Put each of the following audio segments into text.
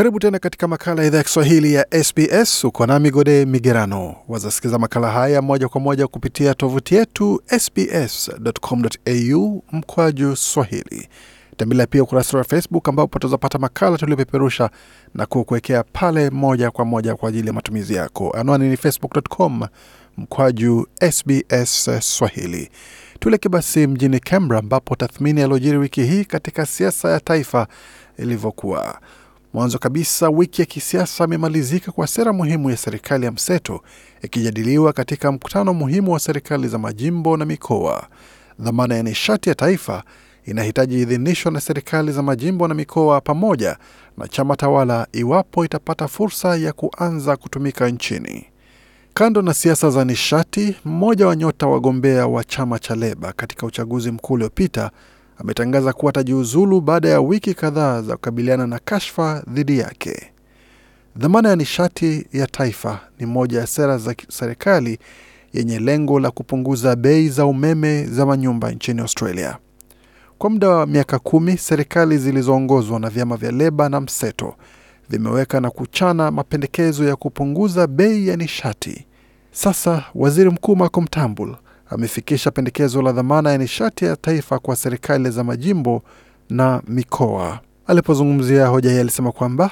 Karibu tena katika makala ya idhaa ya Kiswahili ya SBS. Uko nami Gode Migerano. Wazasikiza makala haya moja kwa moja kupitia tovuti yetu sbs.com.au mkwaju swahili. Tembelea pia ukurasa wa Facebook ambapo utazapata makala tuliopeperusha na kukuwekea pale moja kwa moja kwa ajili ya matumizi yako. Anwani ni facebook.com mkwaju SBS swahili. tuleke basi mjini Canberra ambapo tathmini yaliyojiri wiki hii katika siasa ya taifa ilivyokuwa. Mwanzo kabisa, wiki ya kisiasa imemalizika kwa sera muhimu ya serikali ya mseto ikijadiliwa katika mkutano muhimu wa serikali za majimbo na mikoa. Dhamana ya nishati ya taifa inahitaji idhinishwa na serikali za majimbo na mikoa pamoja na chama tawala iwapo itapata fursa ya kuanza kutumika nchini. Kando na siasa za nishati, mmoja wa nyota wagombea wa chama cha Leba katika uchaguzi mkuu uliopita ametangaza kuwa atajiuzulu baada ya wiki kadhaa za kukabiliana na kashfa dhidi yake. Dhamana ya nishati ya taifa ni moja ya sera za serikali yenye lengo la kupunguza bei za umeme za manyumba nchini Australia. Kwa muda wa miaka kumi, serikali zilizoongozwa na vyama vya leba na mseto vimeweka na kuchana mapendekezo ya kupunguza bei ya nishati. Sasa waziri mkuu Malcolm Turnbull amefikisha pendekezo la dhamana ya nishati ya taifa kwa serikali za majimbo na mikoa. Alipozungumzia hoja hii alisema kwamba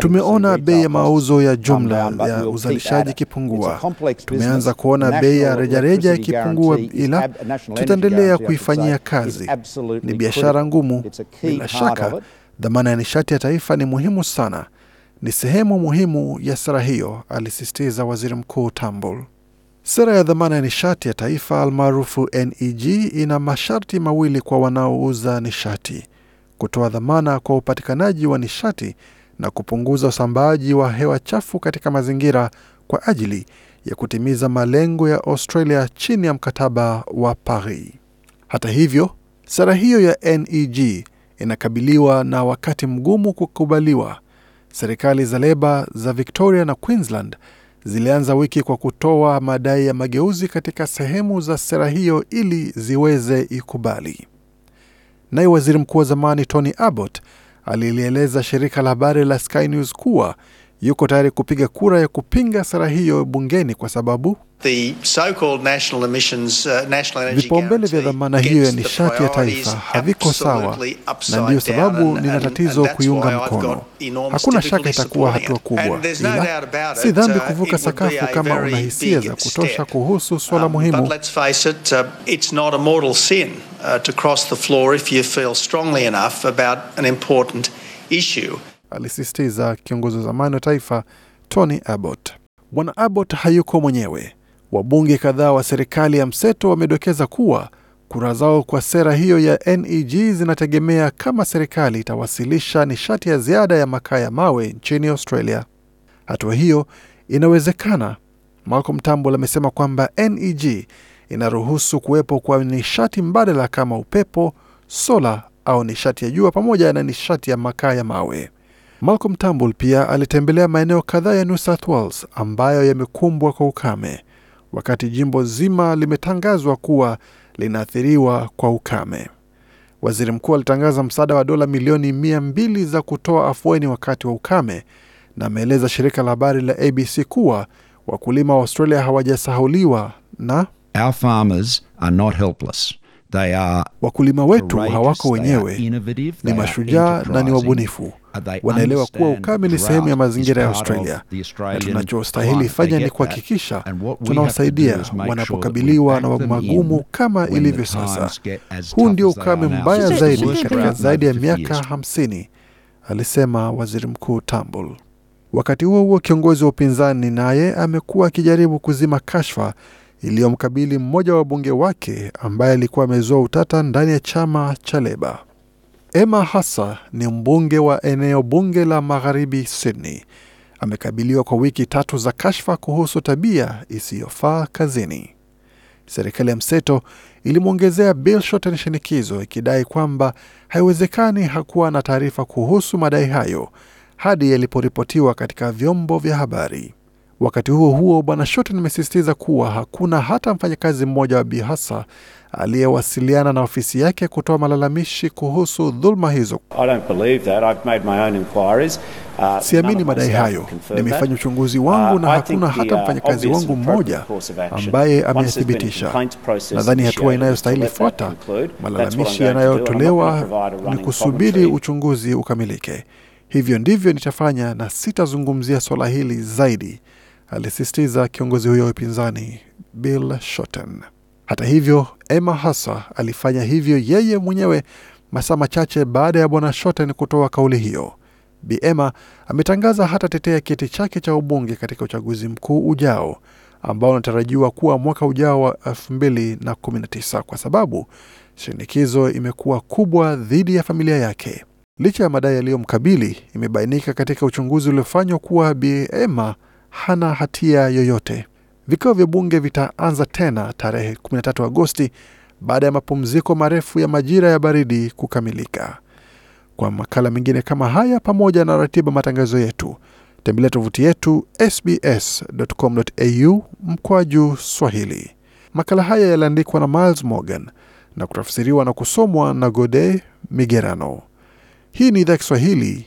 tumeona bei ya mauzo ya jumla down, ya uzalishaji ikipungua. Tumeanza kuona bei ya rejareja ikipungua, ila tutaendelea kuifanyia kazi. Ni biashara ngumu, bila shaka. Dhamana ya nishati ya taifa ni muhimu sana ni sehemu muhimu ya sera hiyo, alisisitiza waziri mkuu Tambul. Sera ya dhamana ya nishati ya taifa almaarufu NEG ina masharti mawili kwa wanaouza nishati: kutoa dhamana kwa upatikanaji wa nishati na kupunguza usambaaji wa hewa chafu katika mazingira kwa ajili ya kutimiza malengo ya Australia chini ya mkataba wa Paris. Hata hivyo, sera hiyo ya NEG inakabiliwa na wakati mgumu kukubaliwa serikali za leba za Victoria na Queensland zilianza wiki kwa kutoa madai ya mageuzi katika sehemu za sera hiyo ili ziweze ikubali. Naye waziri mkuu wa zamani Tony Abbott alilieleza shirika la habari la Sky News kuwa yuko tayari kupiga kura ya kupinga sera hiyo bungeni kwa sababu uh, vipaumbele vya dhamana hiyo ya nishati ya taifa haviko sawa, na ndiyo sababu nina tatizo kuiunga mkono. Hakuna shaka itakuwa hatua kubwa, ila si dhambi uh, kuvuka sakafu kama una hisia za kutosha kuhusu swala um, muhimu alisisitiza kiongozi wa zamani wa taifa Tony Abbott. Bwana Abbott hayuko mwenyewe. Wabunge kadhaa wa serikali ya mseto wamedokeza kuwa kura zao kwa sera hiyo ya NEG zinategemea kama serikali itawasilisha nishati ya ziada ya makaa ya mawe nchini Australia. Hatua hiyo inawezekana. Malcolm Turnbull amesema kwamba NEG inaruhusu kuwepo kwa nishati mbadala kama upepo, sola au nishati ya jua pamoja na nishati ya makaa ya mawe. Malcolm Turnbull pia alitembelea maeneo kadhaa ya New South Wales ambayo yamekumbwa kwa ukame, wakati jimbo zima limetangazwa kuwa linaathiriwa kwa ukame. Waziri mkuu alitangaza msaada wa dola milioni mia mbili za kutoa afueni wakati wa ukame, na ameeleza shirika la habari la ABC kuwa wakulima wa Australia hawajasahuliwa na Our farmers are not helpless. They are wakulima wetu hawako wenyewe, ni mashujaa na ni wabunifu wanaelewa kuwa ukame ni sehemu ya mazingira ya Australia, na tunachostahili fanya ni kuhakikisha tunawasaidia wanapokabiliwa na magumu kama ilivyo sasa. Huu ndio ukame mbaya zaidi katika zaidi ya miaka 50, alisema waziri mkuu tambul Wakati huo huo, kiongozi wa upinzani naye amekuwa akijaribu kuzima kashfa iliyomkabili mmoja wa wabunge wake ambaye alikuwa amezua utata ndani ya chama cha Leba. Emma Hassa ni mbunge wa eneo bunge la Magharibi Sydney. Amekabiliwa kwa wiki tatu za kashfa kuhusu tabia isiyofaa kazini. Serikali ya mseto ilimwongezea Bilshoten shinikizo ikidai kwamba haiwezekani hakuwa na taarifa kuhusu madai hayo hadi yaliporipotiwa katika vyombo vya habari. Wakati huo huo, Bwana Shotton amesisitiza kuwa hakuna hata mfanyakazi mmoja wa Bihasa aliyewasiliana na ofisi yake kutoa malalamishi kuhusu dhuluma hizo. Uh, siamini madai hayo. Nimefanya uchunguzi wangu uh, na hakuna hata uh, mfanyakazi wangu mmoja ambaye ameyathibitisha. Nadhani hatua inayostahili fuata malalamishi yanayotolewa ni kusubiri uchunguzi ukamilike. Hivyo ndivyo nitafanya na sitazungumzia swala hili zaidi alisisitiza kiongozi huyo wa upinzani Bill Shorten. Hata hivyo, Emma Hasa alifanya hivyo yeye mwenyewe masaa machache baada ya bwana Shorten kutoa kauli hiyo. Bi Emma ametangaza tetea kiti chake cha ubunge katika uchaguzi mkuu ujao ambao unatarajiwa kuwa mwaka ujao wa 2019 kwa sababu shinikizo imekuwa kubwa dhidi ya familia yake. Licha ya madai yaliyomkabili, imebainika katika uchunguzi uliofanywa kuwa Bi Emma hana hatia yoyote. Vikao vya bunge vitaanza tena tarehe 13 Agosti baada ya mapumziko marefu ya majira ya baridi kukamilika. Kwa makala mengine kama haya pamoja na ratiba matangazo yetu, tembelea tovuti yetu sbs.com.au mkwaju Swahili. Makala haya yaliandikwa na Miles Morgan na kutafsiriwa na kusomwa na Gode Migerano. Hii ni idhaa Kiswahili